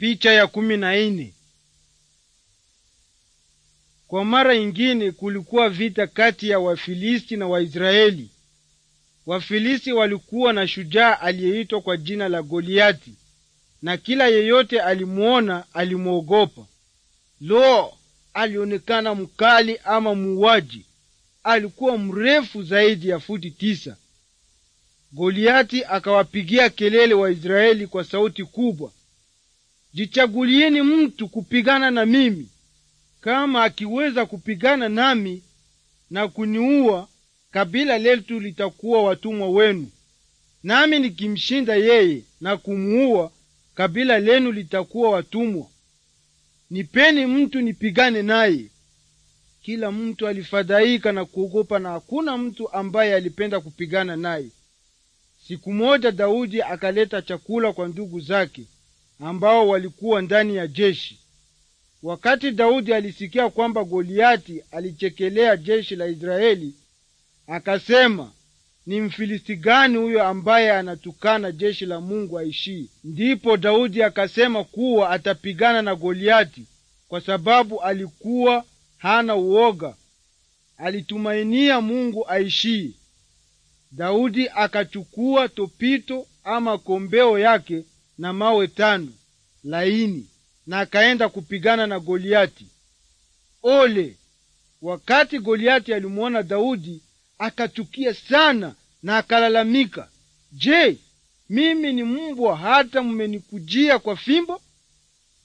Picha ya kumi na nne. Kwa mara ingine kulikuwa vita kati ya Wafilisti na Waisraeli. Wafilisti walikuwa na shujaa aliyeitwa kwa jina la Goliati, na kila yeyote alimwona alimwogopa. Lo, alionekana mkali ama muuaji. Alikuwa mrefu zaidi ya futi tisa. Goliati akawapigia kelele Waisraeli kwa sauti kubwa jichagulieni mtu kupigana na mimi, kama akiweza kupigana nami na kuniua, kabila letu litakuwa watumwa wenu, nami nikimshinda yeye na kumuua, kabila lenu litakuwa watumwa. Nipeni mtu nipigane naye. Kila mtu alifadhaika na kuogopa, na hakuna mtu ambaye alipenda kupigana naye. Siku moja Daudi akaleta chakula kwa ndugu zake ambao walikuwa ndani ya jeshi. Wakati Daudi alisikia kwamba Goliati alichekelea jeshi la Israeli, akasema, ni Mfilisti gani huyo ambaye anatukana jeshi la Mungu aishii? Ndipo Daudi akasema kuwa atapigana na Goliati kwa sababu alikuwa hana uoga, alitumainia Mungu aishii. Daudi akachukua topito ama kombeo yake na mawe tano laini na akaenda kupigana na Goliati. Ole! Wakati Goliati alimwona Daudi akachukia sana na akalalamika, je, mimi ni mbwa hata mmenikujia kwa fimbo?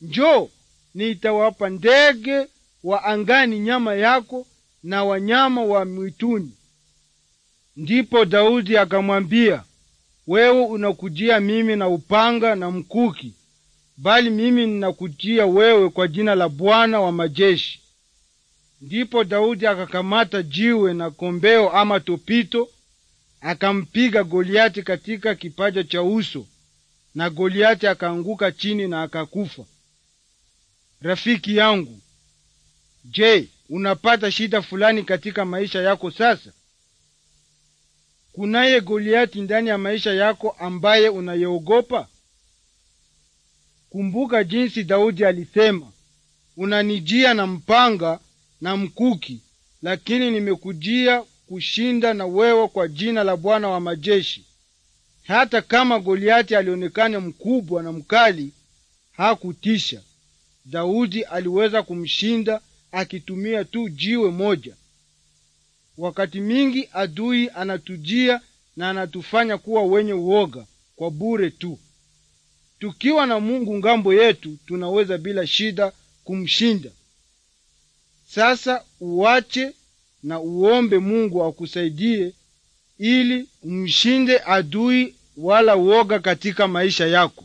Njoo, nitawapa ndege wa angani nyama yako na wanyama wa mwituni. Ndipo Daudi akamwambia, wewe unakujia mimi na upanga na mkuki bali mimi ninakujia wewe kwa jina la Bwana wa majeshi. Ndipo Daudi akakamata jiwe na kombeo ama topito, akampiga Goliati katika kipaja cha uso, na Goliati akaanguka chini na akakufa. Rafiki yangu, je, unapata shida fulani katika maisha yako sasa? Kunaye Goliati ndani ya maisha yako ambaye unayeogopa? Kumbuka jinsi Daudi alisema, unanijia na mpanga na mkuki, lakini nimekujia kushinda na wewe kwa jina la Bwana wa majeshi. Hata kama Goliati alionekana mkubwa na mkali, hakutisha. Daudi aliweza kumshinda akitumia tu jiwe moja. Wakati mingi adui anatujia na anatufanya kuwa wenye uoga kwa bure tu tukiwa na Mungu ngambo yetu, tunaweza bila shida kumshinda. Sasa uwache na uombe Mungu akusaidie ili umshinde adui, wala uoga katika maisha yako.